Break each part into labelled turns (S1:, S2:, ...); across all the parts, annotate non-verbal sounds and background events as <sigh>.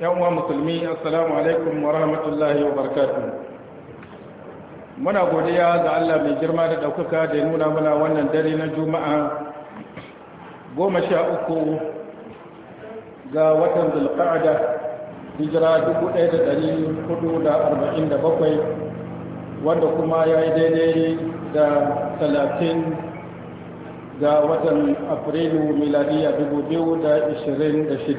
S1: yan uwa musulmi assalamu alaikum wa rahmatullahi wa barakatuh muna godiya ga Allah mai girma da ɗaukaka da ya nuna mana wannan dare na juma'a goma sha uku ga watan zulqa'ada hijira 1447 wanda kuma ya yi daidai da 30 ga watan afrilu miladiya 2026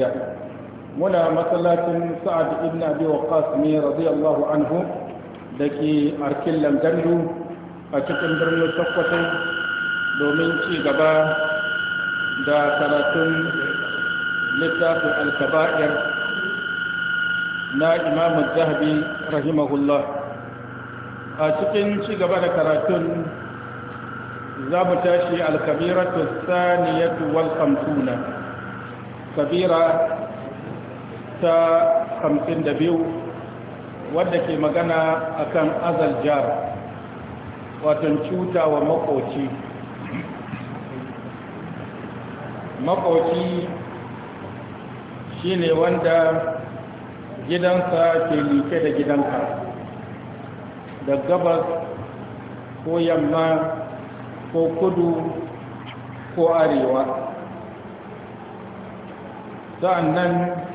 S1: muna masallacin sa'ad ibn abi waqqas ne radiyallahu anhu dake arkin langandu a cikin birnin sokoto domin ci gaba da karatun littafin alkaba'ir na imam zahabi rahimahullah a cikin ci gaba da karatun za mu tashi alkabiratu saniyatu wal kabira ta 52 wadda ke magana akan azal jar watan cuta wa makoci makoci ne wanda gidansa ke like da gidanka da gabas ko yamma ko kudu ko arewa sa'annan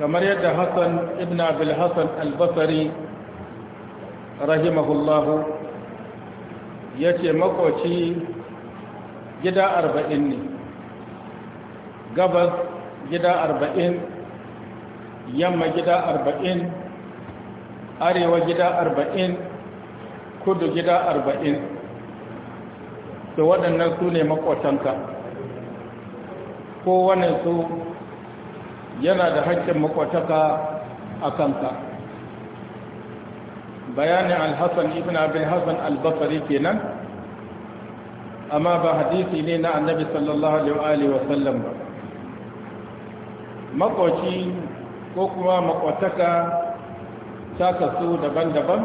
S1: kamar yadda hassan ibn abil hassan albasari rahimahullahu ya ce makoci gida arba'in ne gabas gida arba'in yamma gida arba'in arewa gida arba'in kudu gida arba'in da waɗannan su ne makotanka kowane su yana da haƙƙin makwataka a kanta bayanin alhassan ibn abin hassan albasari kenan amma ba hadisi ne na annabi sallallahu alaihi wa sallam ba makwaci ko kuma makwataka ta kasu daban-daban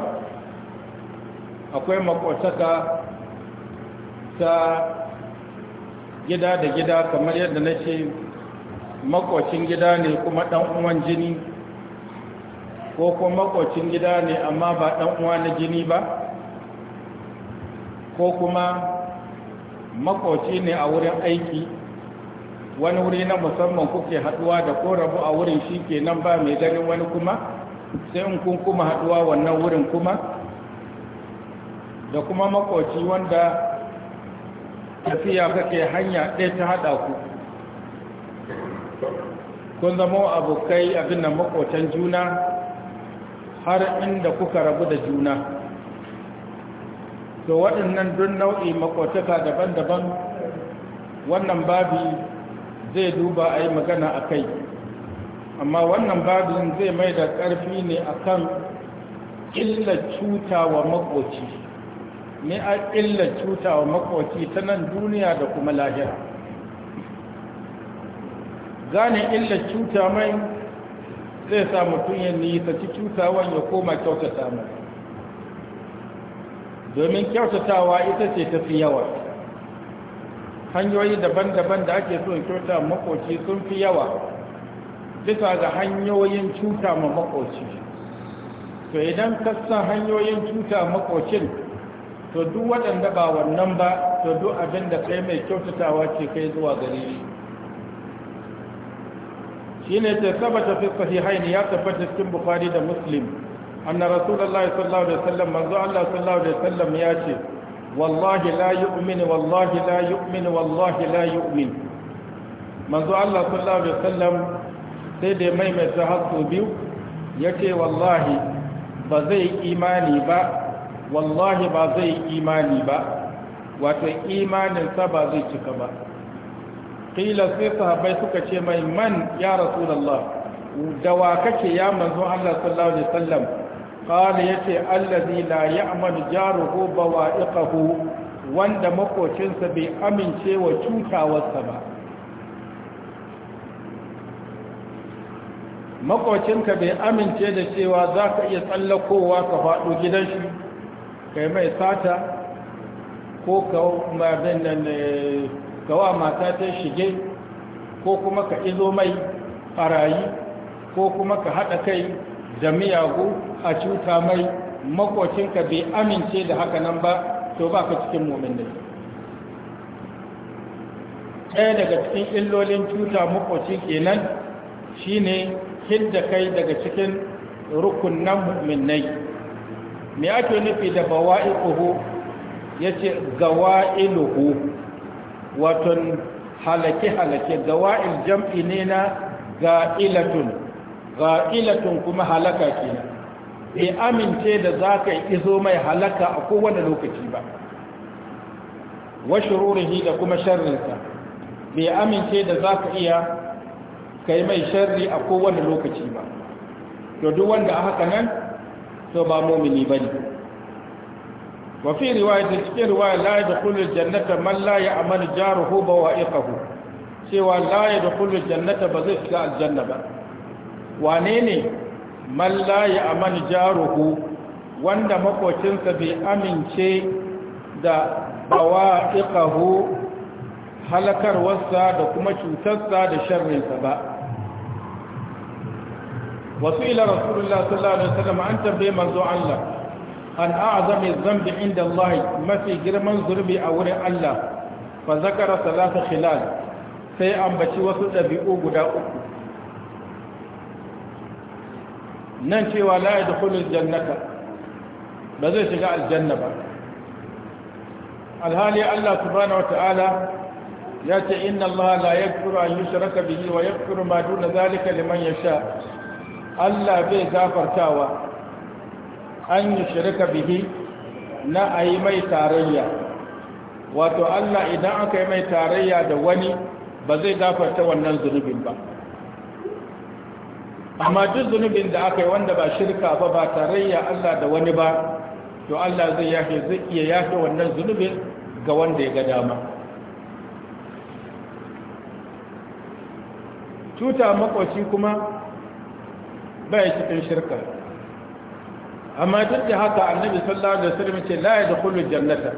S1: akwai makwataka ta gida da gida kamar yadda na ce Makocin gida ne kuma ɗan'uwan jini ko kuma makwacin gida ne amma ba ɗan uwa na jini ba ko kuma makoci ne a wurin aiki wani wuri na musamman kuke haduwa da ko rabu a wurin shi ke nan ba mai ganin wani kuma sai in kun kuma haduwa wannan wurin kuma da kuma makwaci wanda tafiya kake hanya ɗaya ta haɗa ku kun zama abokai abin nan makotan juna har inda kuka rabu da juna to waɗannan duk nau'i makotaka daban-daban wannan babi zai duba a yi magana a kai amma wannan babin zai mai da ƙarfi ne a kan cuta wa makoci ne a illar cuta wa makoci ta nan duniya da kuma lahira gane illar cuta mai zai sa mutum ya nisaci cutawan ya koma kyautata mai domin kyautatawa ita ce tafi yawa hanyoyi daban-daban da ake so kyauta makoci sun fi yawa bisa ga hanyoyin cuta ma makoci to idan kasan hanyoyin cuta makocin to duk waɗanda ba wannan ba to duk abin da kai mai kyautatawa ce kai zuwa gare shi shine ta sabata fi sahihain ya tabbata cikin bukhari da muslim anna rasulullahi sallallahu alaihi wasallam manzo Allah sallallahu alaihi wasallam ya ce wallahi la yu'min wallahi la yu'min wallahi la yu'min manzo Allah sallallahu alaihi wasallam sai da maimaita hasu biyu yace wallahi ba zai imani ba wallahi ba zai imani ba wato imanin sa ba zai cika ba qila sai sahabbai suka ce mai man ya rasulullah da wa kake ya manzo Allah sallallahu alaihi wasallam qala yace allazi la ya'mal jaruhu bawa'iqahu wanda sa bai amince wa cutawarsa ba ka bai amince da cewa za ka iya tsallakowa ka faɗo gidan shi kai mai sata ko ka kawa mata ta shige ko kuma ka izo mai farayi ko kuma ka haɗa kai da miyagu a cuta mai makocinka bai amince da haka nan ba to ba ka cikin mummuni ɗaya daga cikin illolin cuta makoci kenan shine hidda kai daga cikin rukunan mummunai me ake nufi da bawa'iquhu yace gawa'iluhu waton halake-halake gawa'il jam'i ne na ga'ilatun ga'ilatun kuma halaka ke bai amince da za ka izo mai halaka a kowane lokaci ba wa shururihi da kuma sharrinsa bai amince da za ka iya kai mai sharri a kowane lokaci ba to duk wanda a haka nan to ba momini ba ne وفي a في رواية لا يدخل الجنة من لا يأمن جاره بوائقه سوى لا يدخل الجنة بزيك الجنة با. وانيني من لا يأمن جاره wanda makocinsa bai amince da bawa ikahu halakarwarsa da kuma cutarsa da sharrinsa ba wasu ila rasulullah sallallahu alaihi wasallam an tambaye manzo Allah an a'azami zambi inda Allah mafi girman zurbi a wurin Allah fa zakara salasa khilal sai ambaci wasu ɗabi'u guda uku nan cewa la yadkhulul jannata ba zai shiga aljanna ba alhali Allah subhanahu wataala ya ce inna Allah la yaghfiru an yushraka bihi wa yaghfiru ma duna zalika liman yasha Allah bai gafartawa an yi shirka bihi na a yi mai tarayya wato Allah idan aka yi mai tarayya da wani ba zai gafarta wannan zunubin ba amma duk zunubin da aka yi wanda ba shirka ba ba tarayya Allah da wani ba to Allah zai yafe zai iya yafe wannan zunubin ga wanda ya ga dama cuta makwaci kuma bai cikin shirka amma duk da haka annabi sallallahu alaihi wasallam ce la yadkhulu jannata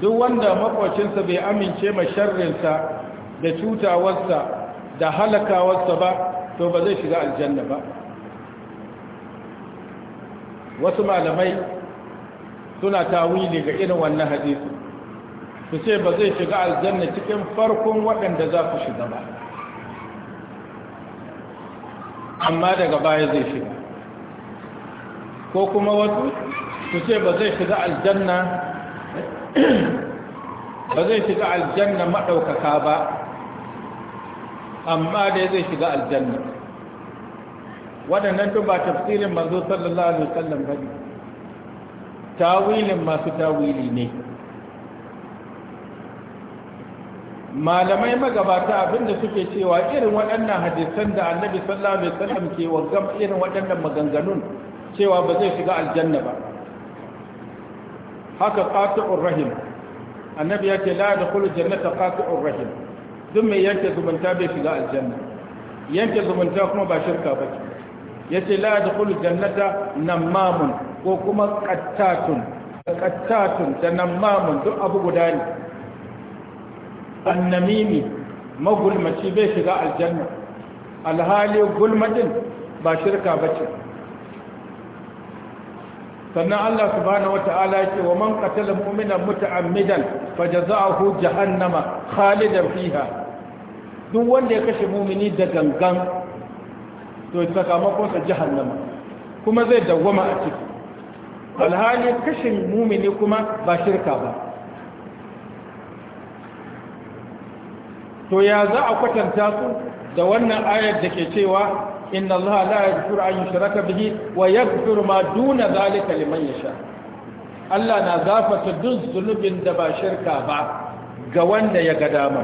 S1: duk wanda makocinsa bai amince ma sharrinsa da cutawarsa da halakawarsa ba to ba zai shiga aljanna ba wasu malamai suna tawili ga irin wannan hadisi su ce ba zai shiga aljanna cikin farkon waɗanda za ku shiga ba amma daga baya zai shiga ko kuma wasu su ce ba zai shiga aljanna <clears throat> ba zai shiga aljanna maɗaukaka ba amma dai zai shiga aljanna waɗannan tun ba tafsirin manzo sallallahu alaihi wasallam ba ne tawilin masu tawili ne malamai magabata abinda suke cewa irin waɗannan hadisan da annabi sallallahu alaihi wasallam ke wa irin waɗannan maganganun cewa ba zai shiga aljanna ba haka qati'ur rahim annabi ya ce la yadkhulu jannata qati'ur rahim duk mai yanke zumunta bai shiga aljanna yanke zumunta kuma ba shirka ba yace ce la yadkhulu jannata namamun ko kuma qattatun qattatun da namamun duk abu guda ne annamimi magulmaci bai shiga aljanna alhali gulmadin ba shirka ba ce sannan Allah subhanahu wata'ala yake wa man qatala mu'mina muta'ammidan fajaza'uhu jahannama khalidan fiha duk wanda ya kashe mu'mini da gangan to sakamakon sa jahannama kuma zai dawwama a ciki alhali kashin mu'mini kuma ba shirka ba to ya za a kwatanta su da wannan ayar da ke cewa inna Allah la yaghfiru an yushraka bihi wa yaghfiru ma duna zalika liman yasha Allah na zafata duk zunubin da ba shirka ba ga wanda ya ga dama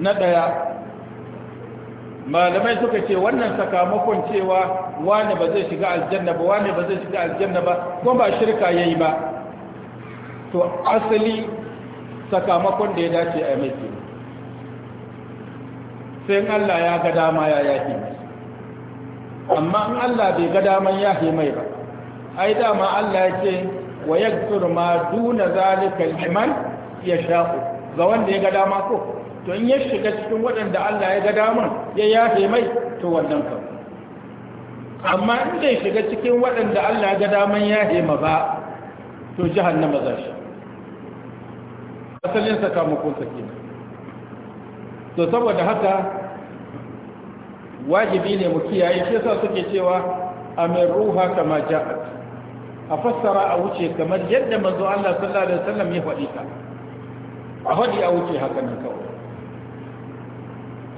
S1: na daya malamai suka ce wannan sakamakon cewa wani ba zai shiga aljanna ba wani ba zai shiga aljanna ba ko ba shirka yayi ba to asali sakamakon da ya dace a mai sai in Allah ya ga dama ya yafe mai amma in Allah bai ga daman yafe mai ba ai dama Allah ya ce wa yaghfir ma duna zalika liman sha'u ga wanda ya ga dama ko to in ya shiga cikin waɗanda Allah ya ga daman ya yafe mai to wannan ka amma in bai shiga cikin waɗanda Allah ya ga daman yafe ma ba to jahannama za shi asalin sakamakonsa kenan to saboda haka wajibi ne mu kiyaye shi yasa suke cewa amir ruha kama ja'at a fassara a wuce kamar yadda manzo Allah sallallahu alaihi wasallam ya faɗi ta a faɗi a wuce haka nan kawai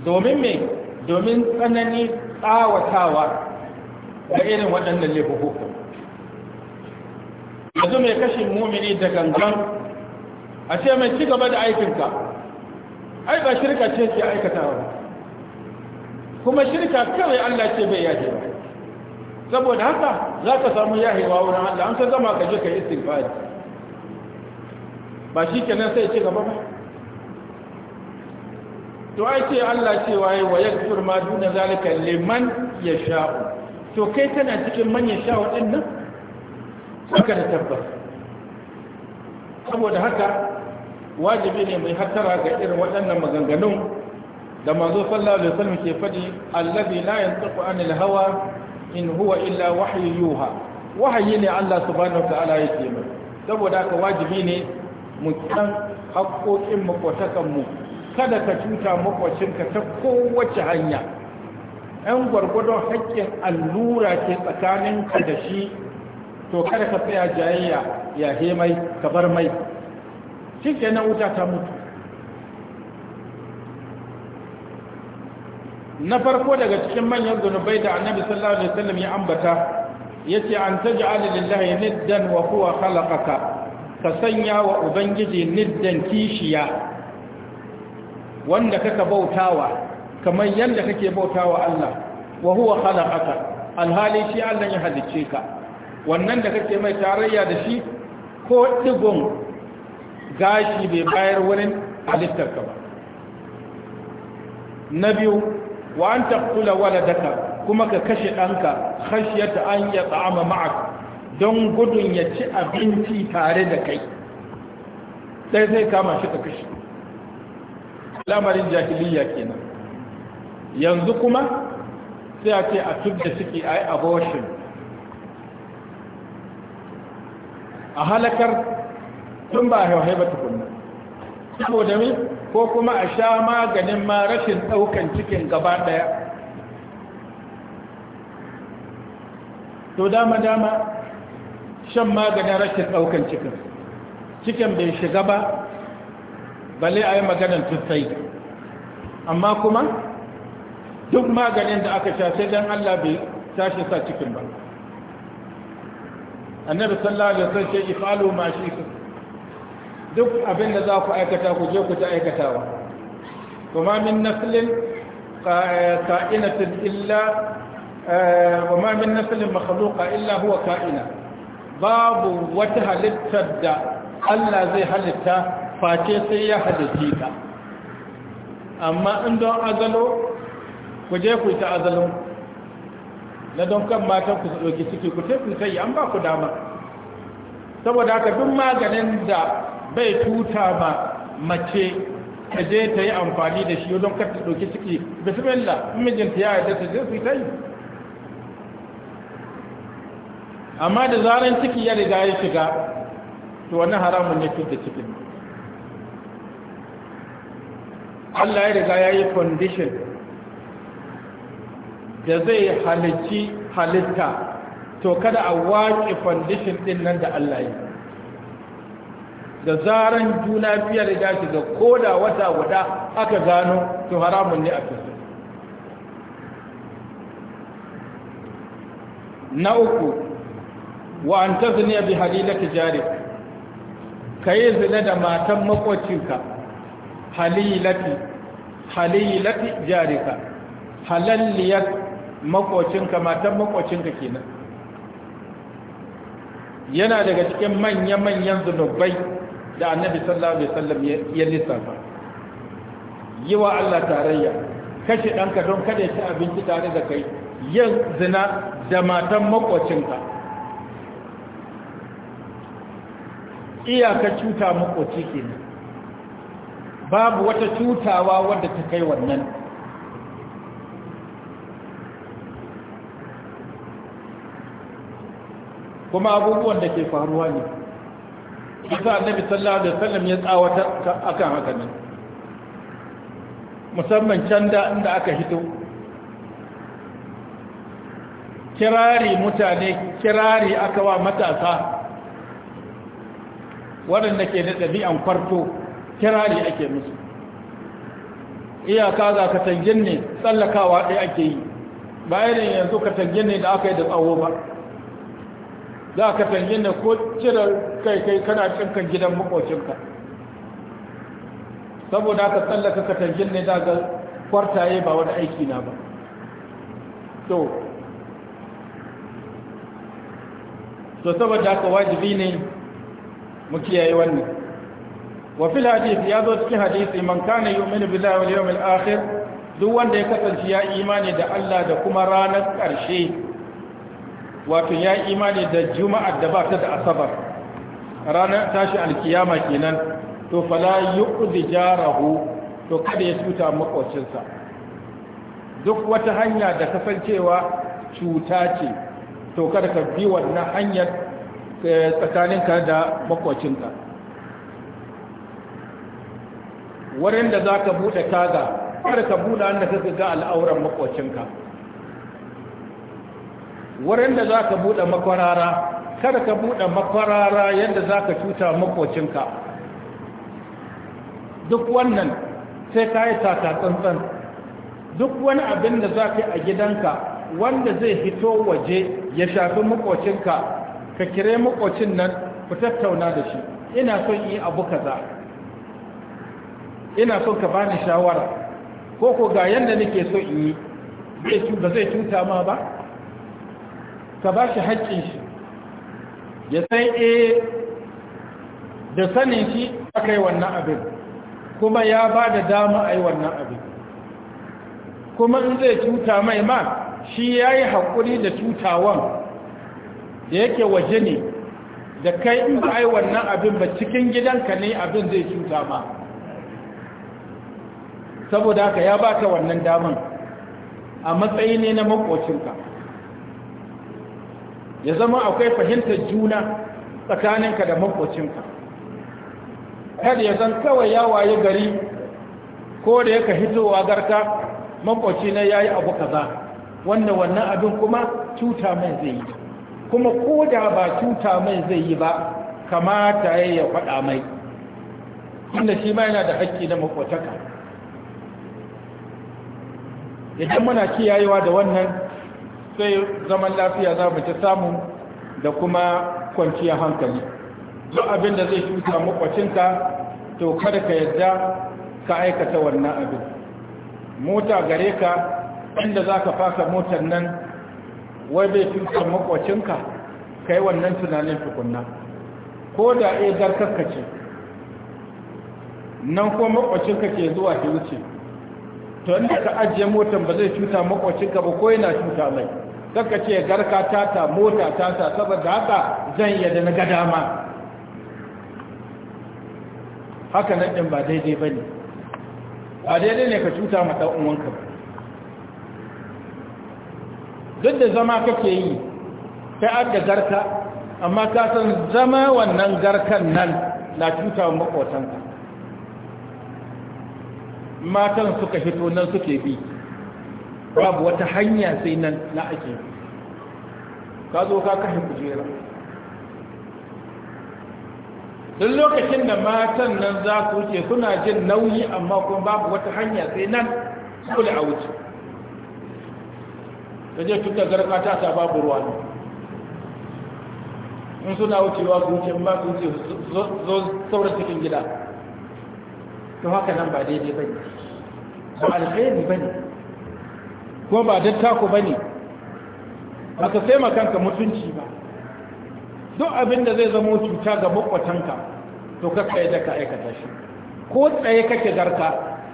S1: domin me domin tsanani tsawatawa da irin waɗannan laifuka yanzu mai kashin mumini da gangan a ce mai ci gaba da aikinka ai ba shirka ce ke aikatawa kuma shirka kawai Allah ce bai yaje ba saboda haka za ka samu yahewa wurin Allah an san zama ka je ka yi istighfari ba shi kenan sai ce gaba ba to ai ce Allah ce waye wa yakfur ma duna zalika liman yasha to kai tana cikin man yasha wadannan saka da saboda haka wajibi ne mai hattara ga irin waɗannan maganganun da masu sallallahu alaihi wasallam ke faɗi allazi la yantiqu anil hawa in huwa illa wahyu yuha wahayi ne Allah subhanahu wa ta'ala yake mai saboda haka wajibi ne mu san haƙoƙin makwatakan mu kada ka cuta makwacinka ta kowace hanya ɗan gwargwadon haƙƙin allura ke tsakaninka da shi to kada ka tsaya jayayya ya hemai ka bar mai shi kenan wuta ta mutu na farko daga cikin manyan zunubai da annabi sallallahu alaihi wasallam ya ambata yace an taj'ala lillahi niddan wa huwa khalaqaka ka sanya wa ubangiji niddan kishiya wanda kaka bautawa kamar yanda kake bautawa Allah wa huwa khalaqaka alhali shi Allah ya halicce ka wannan da kake mai tarayya da shi ko digon gashi bai bayar wurin halittarka ba na biyu wa an wala waladaka kuma ka kashe ɗanka khashyata an ya tsama ma'aka don gudun ya ci abinci tare da kai sai sai kama shi ka kashe lamarin jahiliya kenan yanzu kuma sai a ce a da suke a yi abortion a halakar tun ba hauhai ba tukunna saboda mi ko kuma a sha maganin ma rashin ɗaukan cikin gaba ɗaya to dama dama shan maganin rashin ɗaukan cikin cikin bai shiga ba bale a yi maganin tussai amma kuma duk maganin da aka sha sai don allah bai tashi sa cikin ba annabi sallallahu alaihi wasallam ce ifalu ma shi duk abin da za ku aikata ku je ku ta aikatawa kuma min naslin ka'inatin illa eh, wa ma min naslin makhluqa illa huwa ka'ina babu wata halittar da Allah zai halitta face sai ya halitta ta amma in don azalo ku je ku ta azalo na don kan matan ku ɗauki ciki ku tafi sai an ba ku dama saboda haka duk maganin da bai tuta ba mace ta je ta yi amfani da shi don kar ta ɗauki ciki bismillah mijinta ya yarda ta je su ta amma da zaran ciki ya riga ya shiga to wani haramun ne tuta cikin Allah ya riga ya yi condition da zai halicci halitta to kada a wake condition ɗin nan da Allah ya yi da zaran juna biya ya shiga ko da wata guda aka gano to haramun ne a fito na uku wa an ta zuniya bi halilata jari ka yi zina da matan makwacinka halilati halilati jarika halalliyar makwacinka matan makwacinka kenan yana daga cikin manya-manyan zunubai da annabi sallallahu alaihi wasallam ya lissafa yi wa Allah tarayya kashe ɗanka don kada ya ci abinci tare da kai yin zina da matan makwacinka iyaka cuta makwaci kenan babu wata cutawa wadda ta kai wannan kuma abubuwan da ke faruwa ne bisa annabi sallallahu alaihi wasallam ya tsawata akan haka ne musamman can da inda aka hito kirari mutane kirari aka wa matasa waɗanda ke da ɗabi'an farko kirari ake musu iyaka ga katangin ne tsallakawa ɗaya ake yi bayan yanzu katangin ne da aka yi da tsawo ba za ka tangi na ko cire kai kai kana cinkan gidan makocinka saboda ka tsallaka tangi ne ga kwartaye ba wani aiki na ba to to saboda ka wajibi ne mu kiyaye wannan wa fil hadith ya zo cikin hadisi man kana yu'minu billahi wal yawmil akhir duk wanda ya kasance ya imani da Allah da kuma ranar ƙarshe wato ya yi imani da juma'ar da ba ta da asabar ranar tashi alkiyama kenan to fala yuqdi jarahu to kada ya cuta makocinsa duk wata hanya da kasancewa cuta ce to kada ka bi wannan hanyar eh, tsakaninka da makocinka wurin da za ka buɗe taga kada ka buɗe da ka ga al'auran makocinka wurin da za ka buɗe makwarara kada ka buɗe makwarara yadda za ka cuta makocinka duk wannan sai ka yi tatatsantsan duk wani abin da za ka yi a gidanka wanda zai hito waje ya shafi makocinka ka kire makocin nan ku tattauna da shi ina son yi abu kaza ina son ka bani shawara ko ko ga yadda nake so in yi ba zai cuta ma ba ka ba shi haƙƙin shi ya san e da sanin shi aka yi wannan abin kuma ya ba da dama a yi wannan abin kuma in zai cuta mai ma shi ya yi haƙuri da cutawan da yake waje ne da kai in ba a yi wannan abin ba cikin gidanka ne abin zai cuta ma saboda haka ya ba baka wannan daman a matsayi ne na makocinka ya zama akwai fahimtar juna tsakaninka da makocinka. Har ya zan kawai ya waye gari ko da yaka hitowa garka makoci na yayi abu kaza wanda wannan abin kuma cuta mai zai yi kuma ko da ba cuta mai zai yi ba kamata ya faɗa mai inda shi ma yana da haƙƙi na makotaka idan muna kiyayewa da wannan sai zaman lafiya za mu ci samu da kuma kwanciyar hankali zo abin da zai cuta makwacinka to kada ka yadda ka aikata wannan abin mota gare ka inda za ka fasa motar nan wai bai cuta makwacinka ka yi wannan tunanin tukunna ko da iya eh zarkarka ce nan ko makwacinka ke zuwa ke wuce to inda ka ajiye motar ba zai cuta makwacinka ba ko yana cuta mai ka ce garka tata mota tata saboda haka zan da na ga ma. haka nan ɗin ba daidai ba ne ba daidai ne ka cuta ma ɗan'uwanka ba duk da zama kake yi ta adda garka amma ka san zama wannan garkan nan na cuta maƙotanka matan suka fito nan suke bi babu wata hanya sai nan na ake ka zo ka kashe kujera duk lokacin da matan nan za su wuce suna jin nauyi amma kuma babu wata hanya sai nan kula a wuce ta je tuta garka ta sa babu ruwa ne in suna wucewa su wuce ma su wuce zo sauran cikin gida to haka nan ba daidai ba ne ba alkhairi ba ne Kuma ba dattako ba ne ba ka sai makanka mutunci ba duk abin da zai zama cuta ga makwatanka to ka tsaye da ka aikata shi ko tsaye kake garka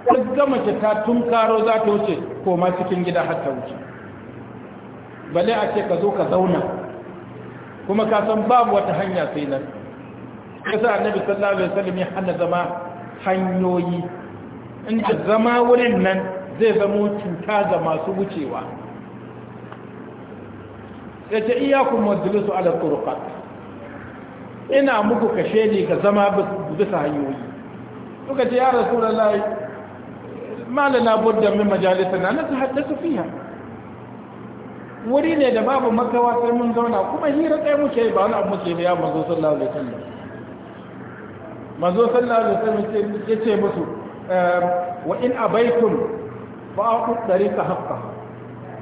S1: duk gama ce ta tun karo za ta wuce ko ma cikin gida har ta wuce bale a ce ka zo ka zauna kuma ka san babu wata hanya sai nan kasa annabi sallallahu alaihi wasallam ya hana zama hanyoyi inda zama wurin nan zai zama cuta ga masu wucewa ya ce iyakun majalisu ala turukat ina muku kashe ne ka zama bisa hanyoyi suka ce ya rasu da lai malana budda min majalisa na nasu haddasa fiya wuri ne da babu makawa sai mun zauna kuma hira tsaye muke ba wani abu muke ya mazo sallallahu alaihi wasallam mazo sallallahu alaihi wasallam ya ce musu ehm, wa in abaitum ba ku ɗari ka haƙƙa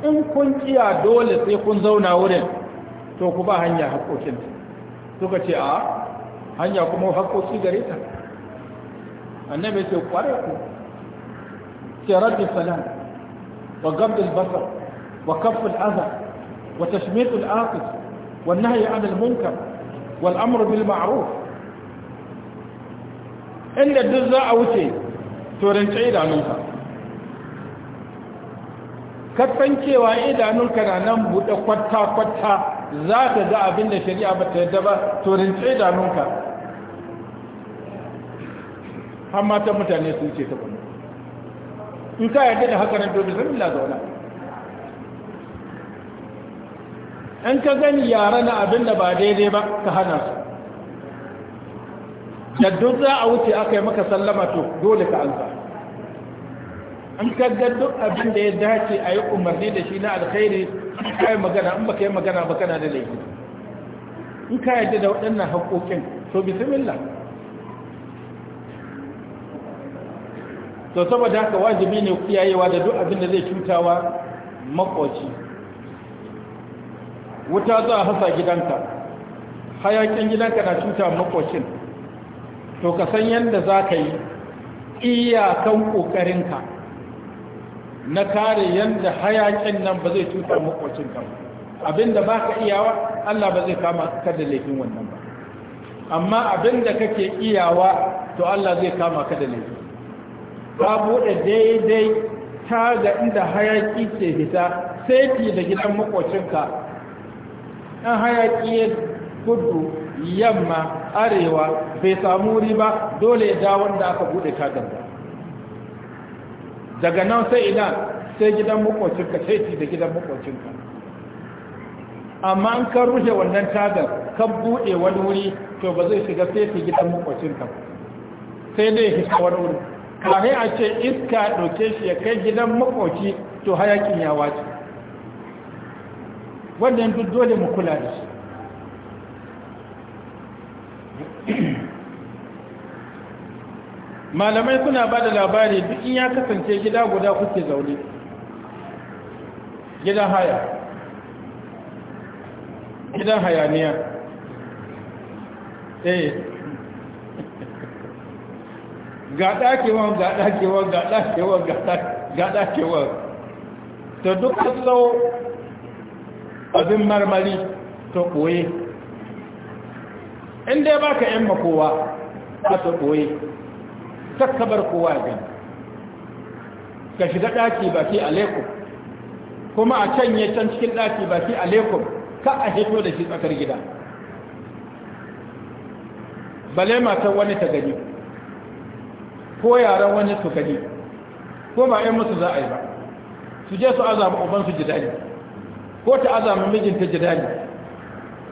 S1: in kun kiya dole sai kun zauna wurin to ku ba hanya haƙƙokin suka ce a hanya kuma haƙƙoƙi gare ta annabi ce kware ku ce rabbi salam wa gabdul basar wa kafin azar wa tashmitul aqis wa nahyi anil munkar wal amru bil ma'ruf inda duk za a wuce to rance idanunka kasan cewa idanunka na nan buɗe kwata-kwata za ka ga abin da shari'a ba ta yadda ba to rinci idanunka har matan mutane su ce ta kuma in ka yadda da haka nan dobi zan zaune in ka gani yara na abin da ba daidai ba ka hana su da duk za a wuce aka yi maka sallama to dole ka ansa in ka ga duk abin da ya dace a yi umarni da shi na alkhairi ka yi magana in baka yi magana ba kana da laifi in ka yadda da waɗannan haƙoƙin to bismillah to saboda haka wajibi ne kiyayewa da duk abin da zai cutawa makoci wuta za a hasa gidanka hayakin gidanka na cuta makocin to ka san yadda za ka yi iyakan ƙoƙarinka na kare yanda hayakin nan ba zai tuta makwacin ka abinda ba ka iyawa Allah ba zai kama ka da laifin wannan ba amma abinda kake iyawa to Allah zai kama ka da laifin ka buɗe daidai ta ga inda hayaki ke fita sai ki da gidan makwacinka ɗan hayaki ya gudu, yamma arewa bai samu riba dole ya da wanda aka buɗe tagar ba daga nan sai ina sai gidan makwacinka sai da gidan makwacinka amma an ka rushe wannan tagar kan buɗe wani wuri to ba zai shiga sai gidan makwacinka sai dai hisa wani wuri kare a ce iska ɗauke shi ya kai gidan makwaci to hayakin ya wace wannan duk dole mu kula da shi malamai suna ba da labari duk in ya kasance gida guda kuke zaune gidan haya gidan hayaniya eh <laughs> ga ɗakewan ga ɗakewan ga ɗakewan ga ɗakewan ta duk sau abin marmari ta ɓoye in dai ba ka ‘yan makowa ta ɓoye kakka kowa gani ka shiga ɗaki ba ke alaikum kuma a can ya can cikin ɗaki ba ke alaikum ka a hito da shi tsakar gida bale matan wani ta gani ko yaran wani su gani ko ba ‘yan musu za a yi ba su je su azama ubansu jidali ko ta azama mijinta jidali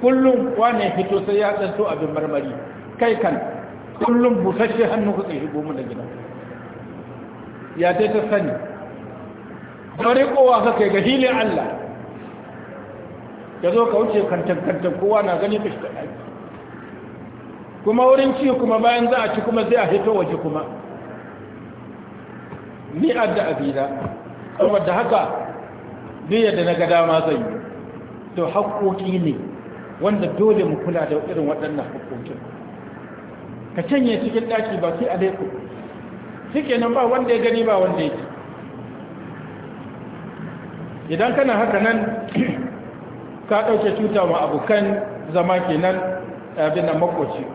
S1: kullum wane hito sai ya tsanto abin marmari kai kan kullum busasshe hannu kuka shigo mu da gida ya ta ta sani dare kowa ka kai ga hilin Allah ka zo ka wuce kantan kantan kowa na gani ka shi ta kuma wurin ci kuma bayan za a ci kuma zai a hito waje kuma ni da abina kuma da haka biyar da na ga dama zan yi to haƙoƙi ne wanda dole mu kula da irin waɗannan haƙoƙin ka canye cikin ɗaki ba sai ku. shi kenan ba wanda ya gani ba wanda ya idan kana haka nan <clears throat> ka ɗauke cuta wa abokan zama kenan abin nan makoci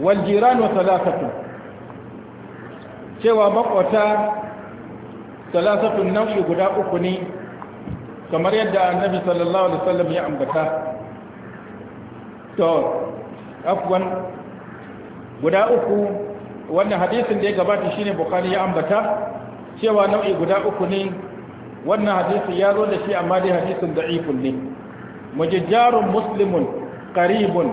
S1: waljiran wa talatatu cewa makwata talatatun nau'i guda uku ne kamar yadda annabi sallallahu alaihi wasallam ya ambata to afwan guda uku wannan hadisin da ya gabata shine bukhari ya ambata cewa nau'i guda uku ne wannan hadisin ya zo da shi amma dai hadisin da'ifun ne mujajjarun muslimun qaribun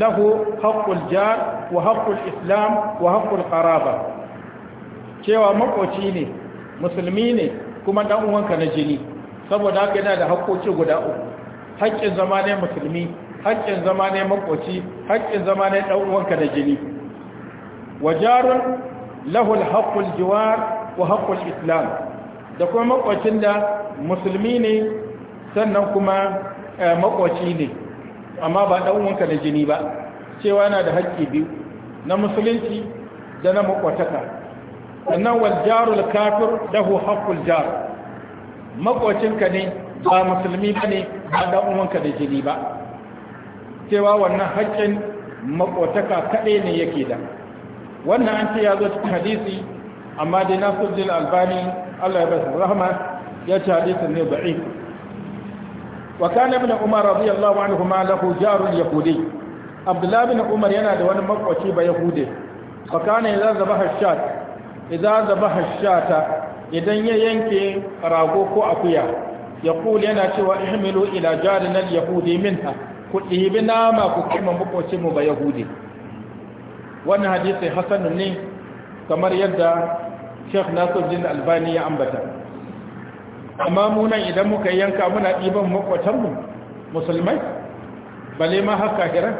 S1: lahu haqqul jar wa haqqul islam wa haqqul qaraba cewa makoci ne musulmi ne kuma dan uwanka na jini saboda haka yana da haƙƙoci guda uku haƙƙin zama ne musulmi haƙƙin zama ne makwaci haƙƙin zama ne ɗan uwanka da jini wa jarun lahu haqqul jiwar wa haqqul islam da kuma makwacin da musulmi ne sannan kuma eh, makwaci ne amma ba ɗan uwanka da jini ba cewa yana da haƙƙi biyu na musulunci da na makwataka sannan wa jarul kafir lahu haqqul jar makwacinka ne ba musulmi bane ba ɗan uwanka da jini ba cewa wannan haƙƙin makotaka kaɗai ne yake da wannan an ce ya zo cikin hadisi amma dai na jin albani allah ya basu rahama ya ci hadisi ne ba'i wa kana ibn umar radiyallahu anhu ma lahu jarun yahudi Abdullahi ibn umar yana da wani makwaci ba yahudi fa kana idza zabaha shat idza zabaha shata idan ya yanke rago ko akuya yaqul yana cewa ihmilu ila jarin al yahudi minha ku ɗibi nama ku kaima makocinmu ba yahudi wannan hadisi hasanun ne kamar yadda sheikh nasiruddin albani ya ambata amma munan idan muka yanka muna ɗiban mu, musulmai bale ma haka kira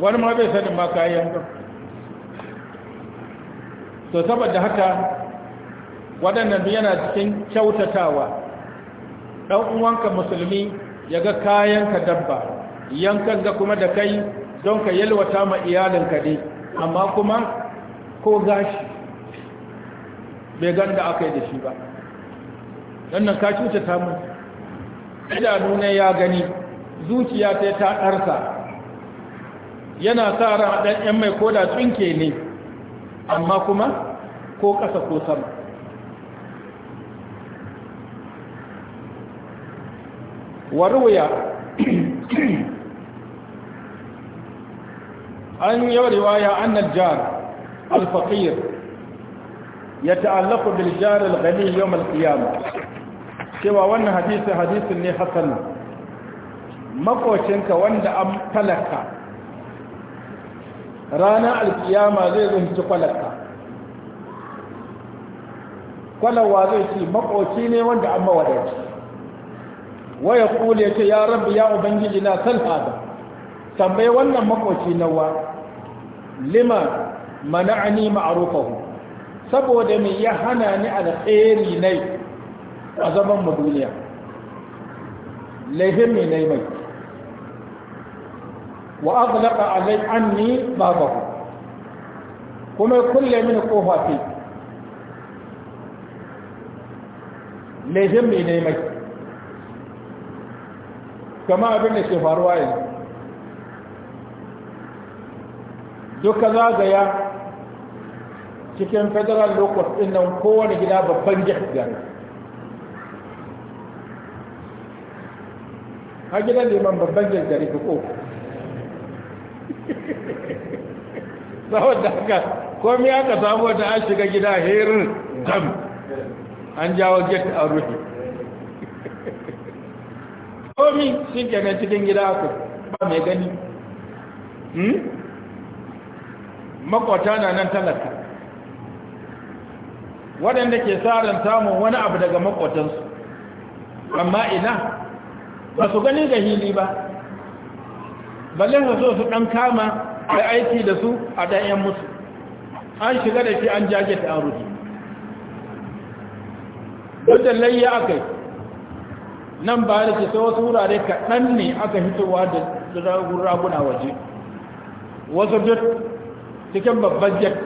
S1: wani ma bai sanin ma kayan ba to saboda haka waɗannan yana cikin kyautatawa ɗan uwanka musulmi ya ga kayan ka dabba yankan ga kuma da kai don ka yalwata ma iyalinka ne amma kuma ko gashi bai ganda aka yi da shi ba nan ka cuta ta mu idanu ne ya gani zuciya ta ta ɗarsa yana sa ran ɗan ‘yan mai koda tsinke ne amma kuma ko ƙasa ko sama وروي أن رواية أن الجار الفقير يتعلق بالجار الغني يوم القيامة سوى وأن حديث حديث اللي حصل مقوشنك وأن أمتلك رانا القيامة زي ذهن تقلك قال واضح مقوشيني وأن أمتلك waya kula ya ce ya rabbi ya ubangiji na san da. tambayi wannan makoci nawa lima mana'ani ma'rufahu saboda me ya hana ni alkhairi nai a zaman mu duniya laifin me nai mai wa aghlaqa alai anni babahu kuma kulle mini kofa fi laifin me nai mai kama abin da ke faruwa yanzu duka zagaya cikin federal locus din nan kowane gida babban jihar a gidan neman babban jihar ko <laughs> saboda haka komi aka samu da an shiga gida herin jam an jawo get a rufe <laughs> komi shi kenan cikin gida ku ba mai gani hmm? makwata na nan talaka waɗanda ke tsarin samun wani abu daga makwatansu amma ina ba su gani ga hili ba balle su so su ɗan kama da aiki da su a ɗayan musu an shiga da shi an jage ta aruji duk da layya aka yi nan ba da ke sai wasu wurare kaɗan ne aka hitowa da raguna waje wasu duk cikin babban jet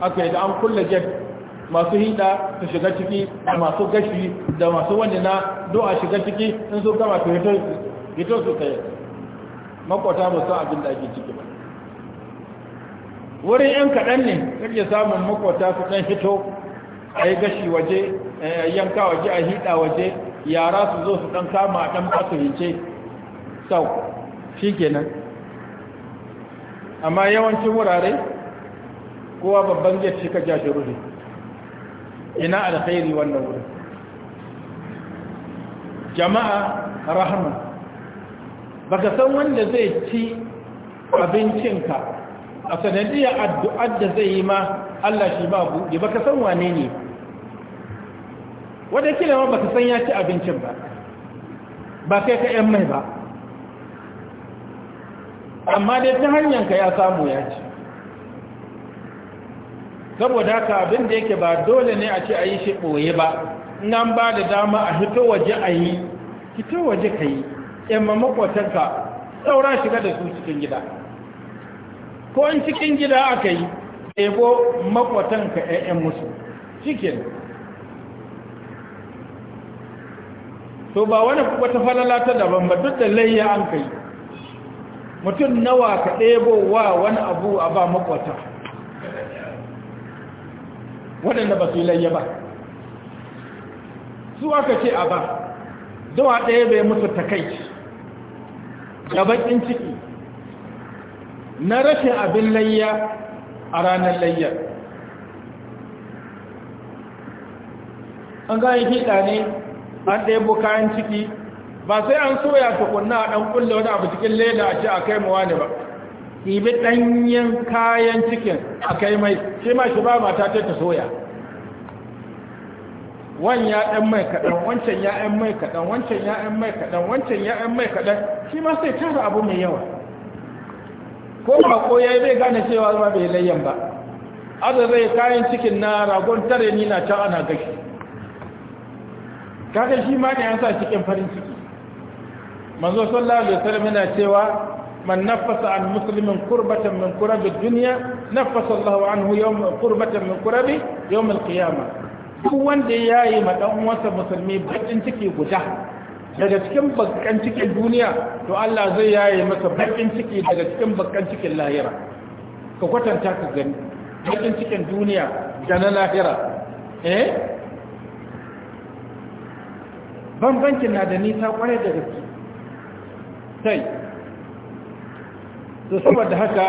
S1: aka yi da an kulle jet masu hida su shiga ciki da masu gashi da masu wani na do'a a shiga ciki in su gama su hito su kai makwata ba su abin da ake ciki ba wurin yan kaɗan ne kake samun makwata su ɗan hito a yi gashi waje yanka waje a hida waje yara su zo su ɗan kama ɗan fasuhince sau shi kenan amma yawancin wurare kowa babban jet shi ka ja shi ina alkhairi wannan wurin jama'a rahama baka san wanda zai ci abincinka a sanadiyar addu'ar da zai yi ma Allah shi ba buɗe baka san wane ne wadda kila ma ka san ya ci abincin ba ba kai ka yan mai ba amma dai ta hanyar ka ya samu ya ci saboda haka abin da yake ba dole ne a ce a yi shi ɓoye ba nan ba da dama a hito waje a yi hito waje ka yi yamma makwatanka saura shiga da su cikin gida ko in cikin gida aka yi ebo makwatanka 'ya'yan musu cikin to ba wani wata falala ta daban ba duk da layya an kai mutum nawa ka ɗebowa wani abu a ba makwata waɗanda ba su yi layya ba su aka ce a ba zuwa ɗaya bai musu takaici da baƙin ciki na rashin abin layya a ranar layya an gane fiɗa ne an ɗebo kayan ciki ba sai an soya tukunna a ɗan kulle wani abu cikin leda a ce a kai mawa ne ba ibi ɗanyen kayan cikin a kai mai shi ma shi ba mata ta ta soya wan ya ɗan mai kaɗan wancan ya ɗan mai kaɗan wancan ya ɗan mai kaɗan wancan ya ɗan mai kaɗan shi ma sai tara abu mai yawa ko ba ko ya yi bai gane cewa zama bai layyan ba aza kayan cikin na ragon tare ni na can ana gashi kaga shi ma ne an sa cikin farin ciki manzo sallallahu alaihi wasallam yana cewa man nafasa an muslimin kurbatan min kurabi dunya nafasa Allahu anhu yawm kurbatan min kurabi yawm al-qiyamah duk wanda ya yi ma dan uwansa musulmi bakin ciki guda daga cikin bakan cikin duniya to Allah zai yaye masa bakin ciki daga cikin bakan cikin lahira ka kwatanta ka gani bakin cikin duniya da na lahira eh bambancin na da nisa kwarai da gaske sai to saboda haka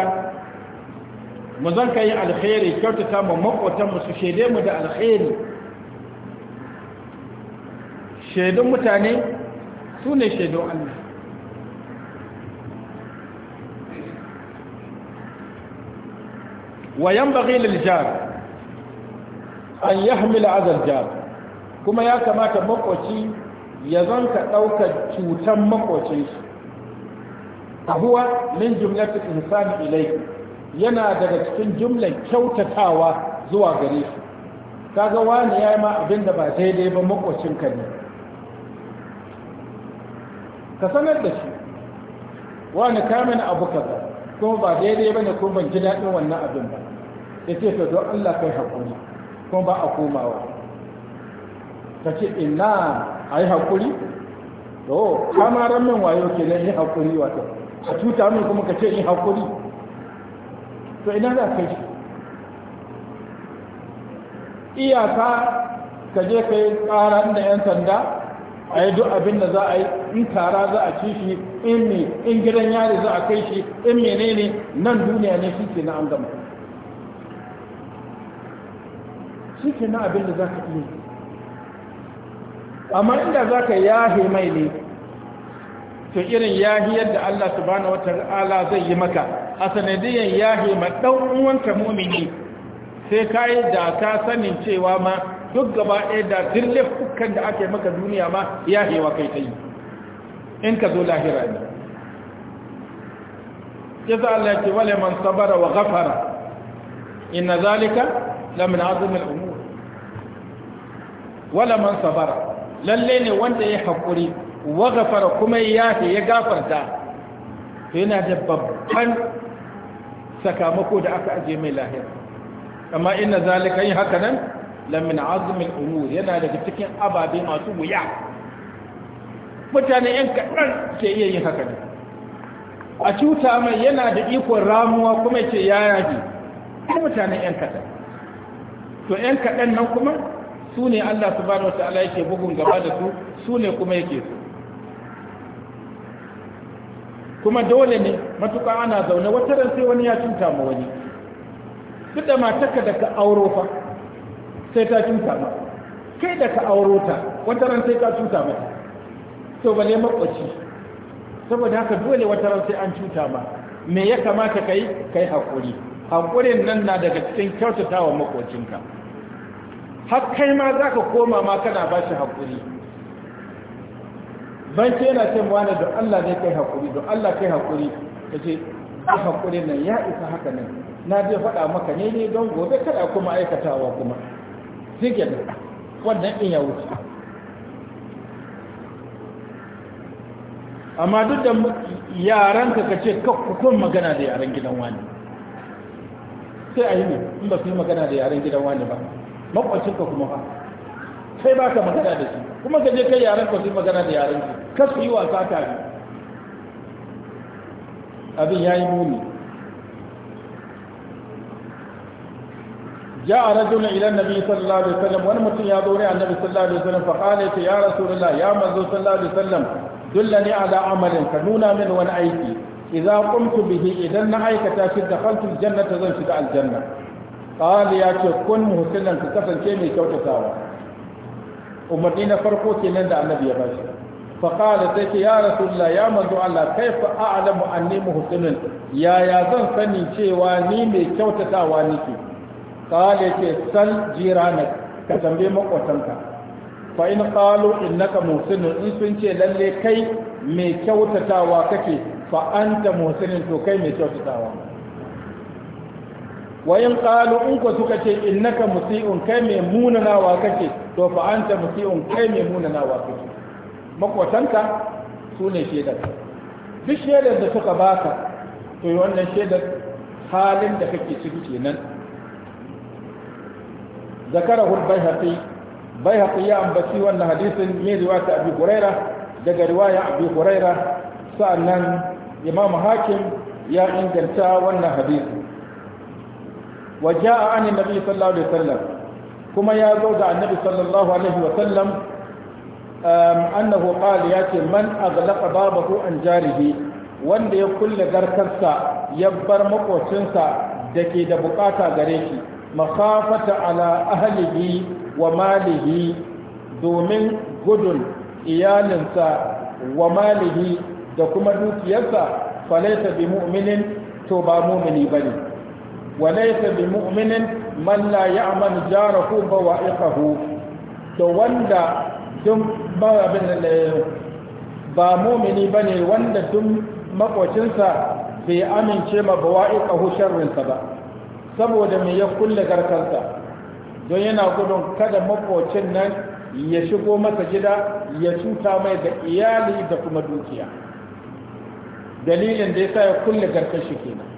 S1: mu zan ka yi alkhairi kyautata mu mu su shaide mu da alkhairi shaidun mutane su ne shaidun Allah wa yanbaghi lil jar an yahmil azal jar kuma ya kamata makoci ya zan ka ɗaukar cutan makwacin shi abuwa min jumlatu sami ilai yana daga cikin jumlar kyautatawa zuwa gare shi kaga wani ya yi ma abin da ba daidai ba makocin ka ne ka sanar da shi wani mana abu kaza kuma ba daidai ba ne kuma ban ji daɗin wannan abin ba ya ce ka don Allah kai haƙuri kuma ba a komawa ka ce ina a yi haƙuri to kamaran min wayo ke nan yi haƙuri wato a cuta min kuma ka ce yi haƙuri to ina za ka shi iyaka ka je ka yi ƙara da 'yan sanda a yi duk abin da za a yi in tara za a ci shi in ne in gidan yari za a kai shi in menene nan duniya ne shi ke na an gama shi ke na abin da za ka iya amma inda za ka yahe mai ne to irin yahiyar da Allah subhanahu wata'ala zai yi maka a sanadiyyar yahi ma mumini sai ka yi da ka sanin cewa ma duk gaba ɗaya da dillif kukan da ake maka duniya ma yahewa kai ta yi in ka zo lahira ne yasa Allah wale man sabara wa inna zalika lamina azumin azmi al wala man sabara lalle ne wanda ya haƙuri wa gafara kuma ya fi ya gafarta yana da babban sakamako da aka ajiye mai lahir amma ina zalika yin haka nan lamin azumin umur yana daga cikin ababe masu wuya mutane yan kaɗan ke iya yin haka nan a cuta mai yana da ikon ramuwa kuma ke yaya ne mutane yan kaɗan to yan kaɗan nan kuma su ne Allah subhanahu wa ta'ala yake bugun gaba da su su ne kuma yake su kuma dole ne matuƙa ana zaune wata ran sai wani ya cuta ma wani duk da mataka da ka auro fa sai ta cuta ma kai da ka auro ta wata ran sai ka cuta mata to ba ne makwaci saboda haka dole wata ran sai an cuta ma me ya kamata kai kai hakuri hakurin nan na daga cikin kyautatawa makwacinka har kai ma za ka koma ma kana ba shi haƙuri banki yana ce wani don Allah ne kai haƙuri don Allah kai haƙuri ta ce haƙuri nan ya isa haka nan na zai faɗa maka ne ne don gobe kada kuma aikatawa kuma zige da wannan in ya wuce amma duk da yaran ka ce kakkukun magana da yaren gidan wani sai a yi ne in ba su yi magana da yaren gidan wani ba makwacinka kuma ba sai ba ka magana da su kuma ka kai yaren kwasi magana da yaren su yi wasa tare abin ya yi muni ja a rajuna ilan nabi sallallahu alaihi wasallam wani mutum ya zo ne annabi sallallahu alaihi wasallam fa qala ta ya rasulullah ya manzo sallallahu alaihi wasallam dullani ala ka nuna min wani aiki idan qumtu bihi idan na aikata shi da khaltu aljanna zan shiga aljanna ƙali ya ce kun muhsinan ka kasance mai kyautatawa umarni na farko kenan da annabi ya bashi fa qala ke ya rasulullah ya manzo Allah kaifa a'lamu anni muhsinun ya ya zan sani cewa ni mai kyautatawa nake ya ce sal jiranak ka tambaye makwatanka fa in qalu innaka muhsinun in sun ce lalle kai mai kyautatawa kake fa anta muhsinin to kai mai kyautatawa wayin qalu in ku suka ce innaka musii'un kai mai munanawa kake to fa anta musii'un kai mai munanawa kake makwatanka su ne shedar duk shedar da suka baka to yi wannan shedar halin da kake ciki kenan zakarahu al-bayhaqi bayhaqi ya ambaci wannan hadisin mai riwaya abi huraira daga riwaya abi huraira sa'annan imam hakim ya inganta wannan hadisin wa ja'a an sallallahu alaihi wasallam kuma ya zo da annabi sallallahu alaihi wasallam annahu qala yace man aghlaqa babahu an jarihi wanda ya kulle garkarsa ya bar makocinsa da ke da buƙata gare shi makhafata ala ahlihi wa malihi domin gudun iyalinsa wa malihi da kuma dukiyarsa falaita bi mu'minin to ba mu'mini bane وليس بمؤمن من لا يعمل جاره بوائقه to wanda duk ba abin ba mumini wanda duk makocinsa bai amince ma bawa'iqahu sharrinsa ba saboda me ya kulle garkarsa don yana gudun kada makocin nan ya shigo masa gida ya cuta mai da iyali da kuma dukiya dalilin da ya sa ya kulle garkar shi kenan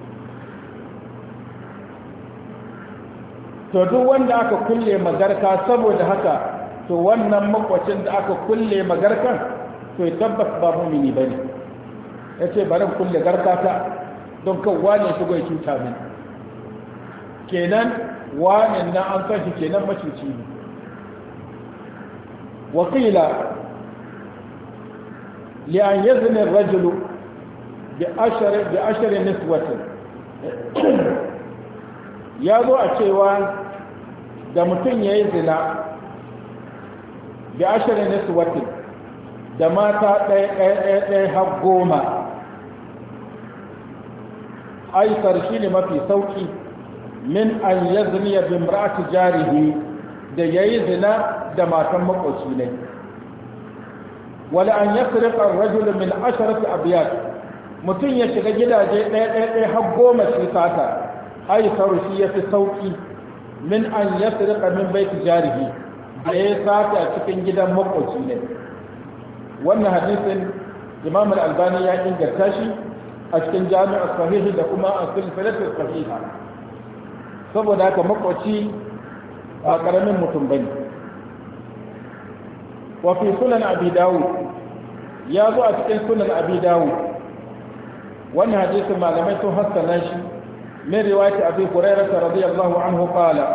S1: to duk wanda aka kulle magarka saboda haka to wannan makwacin da aka kulle magarkan to tabbas ba mumini bane yace bari kulle garkata don kan wane su ya cuta min kenan wane nan an san shi kenan macuci ne wakila li an yazni ar-rajulu bi ashari bi ashari niswatin ya zo a cewa da mutum ya yi zina da ashirin na suwati da mata ɗaya-ɗaya-ɗaya har goma aisar shi ne mafi sauƙi min an ya zuniya bimrati jarihi da ya yi zina da matan makwaci ne wani an yi sirifar rajulun min ashirin abiyar mutum ya shiga gidaje ɗaya-ɗaya-ɗaya har goma shi sata aisaru shi ya fi sauƙi min an ya sirka min bai baiti jarihi da ya sata a cikin gidan makwaci ne wannan hadisin imam al-albani ya inganta shi a cikin jami'ar sahihi da kuma a silsilatul sahiha saboda haka makwaci ba karamin mutum bane wa fi sunan abi dawud ya zo a cikin sunan abi dawud wannan hadisin malamai sun hassana shi من رواية أبي هريرة رضي الله عنه قال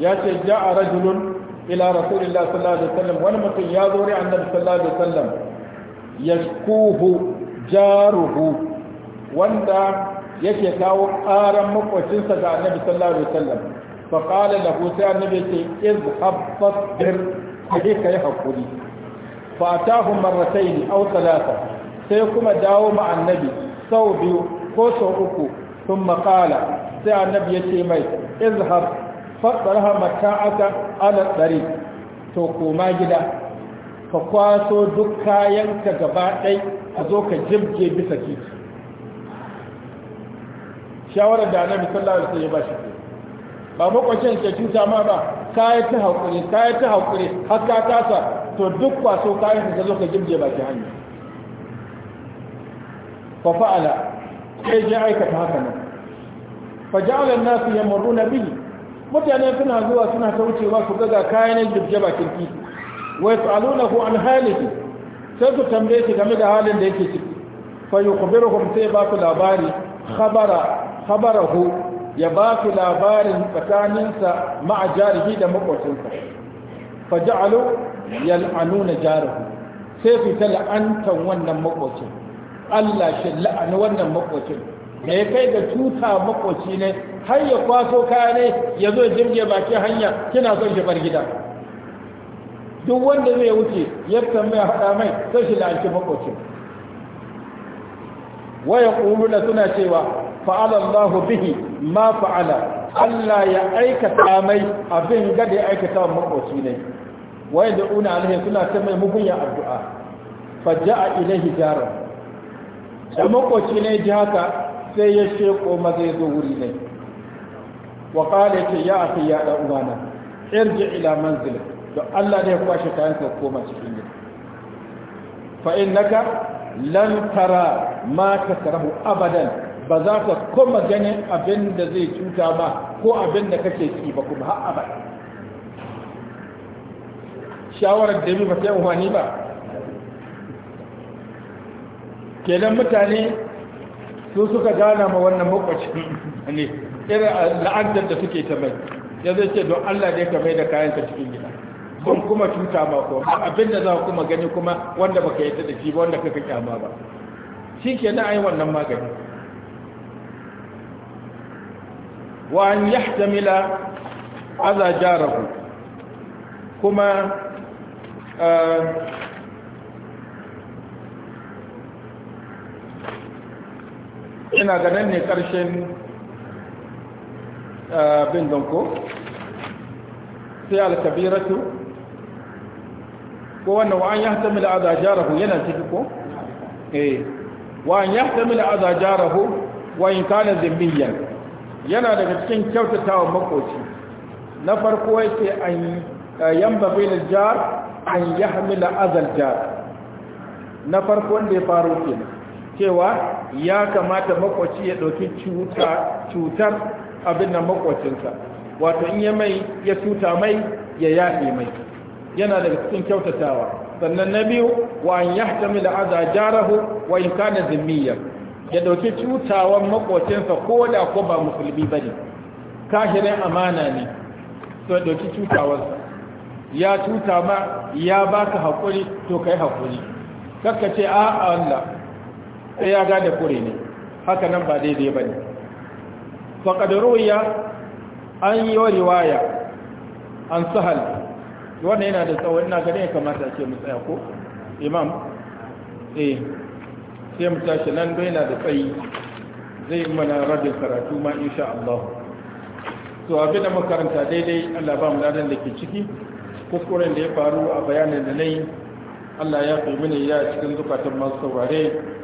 S1: ياتي جاء رجل إلى رسول الله صلى الله عليه وسلم ولم يكن يزور عن النبي صلى الله عليه وسلم يشكوه جاره yake kawo ƙaran makwacinsa ga annabi sallallahu alaihi wasallam fa qala lahu sai annabi ce izhab fasbir kai kai hakuri fa atahu marratayn aw thalatha sai kuma dawo ma annabi sau biyu ko sau uku ثم قال سي النبي يتي مي اذهب فطرها متاعك على الطريق to koma gida ka kwaso duk kayanka gaba ɗai a zo ka jibge bisa titi shawarar da annabi sallallahu alaihi wasallam ya bashi ba makwacin ke cuta ma ba kai ta hakuri kai ta hakuri har tasa to duk kwaso kayanka ka zo ka jibge baki hanya fa fa'ala sai ya aikata haka nan fa ja'ala ya nasu yamurruna bihi mutane suna zuwa suna ta wucewa su ga kayan jibje bakin titi wa yas'alunahu an halihi sai su tambaye shi game da halin da yake ciki fa yukhbiruhum sai ba su labari khabara khabarahu ya ba su labarin tsakaninsa ma'a jarihi da makwacinsa fa yal'anuna jarihi sai su ta la'antan wannan makwacin Allah shi la'ani wannan makwacin da ya kai da tuta makwaci ne har ya kwaso kaya ya zo jirge baki hanya kina son shi bar gida duk wanda zai wuce ya tambaya haɗa mai sai shi la'anci makwacin waya ƙuluna suna cewa fa'ala Allahu bihi ma fa'ala Allah ya aikata mai abin gada ya aikata wa makwaci ne waya da una alhe suna ta mai mugunya addu'a fa ja'a ilaihi jarar da makwaci ne ji haka sai ya ko maza zo wuri ne wa kala ce ya afi ya ɗan uwana irji ila manzil da Allah ne ya kwashe kayan ka koma cikin gida fa'in naka lantara tara ma sarahu abadan ba za ka koma ganin abin da zai cuta ba ko abin da kake ci ba kuma har shawarar da yi ba sai umarni ba kenan mutane su suka gana ma wannan makwaci ne irin la'adar da suke ta mai ya zai ce don Allah da ka mai da kayan ka cikin gida ban kuma cuta ma ko abin da za ku kuma gani kuma wanda baka yi da shi ba wanda kaka kyama ba shi ke na yi wannan magani wa an yahtamila aza jarabu kuma eh, ina ga nan ne ƙarshen eh, bin donko sai alkabiratu ko wannan wa'an ya hatami aza jarahu yana ciki ko? eh wa'an ya hatami da wa wa'in kanin zimbiyyar yana daga cikin kyautatawa makoci na farko ya ce an eh, yamba bil jar an hamila azal jar na farko wanda ya faru kenan cewa ya kamata makwaci ya ɗauki cutar abin nan makwacinsa wato in ya mai ya cuta mai ya yaɗe mai yana daga cikin kyautatawa sannan na biyu wa an yahtami da aza jarahu wa in kana zimmiya ya ɗauki cutawan makwacinsa ko da ko ba musulmi ba ne kashirin amana ne to ɗauki cutawarsa ya cuta ma ya baka haƙuri to kai haƙuri kakka ce a'a Allah sai ya gane kure ne haka nan ba daidai ba ne faƙadaruwa an yi wa riwaya an sahal wannan yana da tsawon na gane kamata ce mu tsaya ko imam eh sai mu tashi nan dai yana da tsayi zai mana rabin karatu ma insha Allah to abin da makaranta daidai Allah ba mu ladan da ke ciki kuskuren da ya faru a bayanin da nayi Allah ya kai mini ya cikin zukatan masu saurare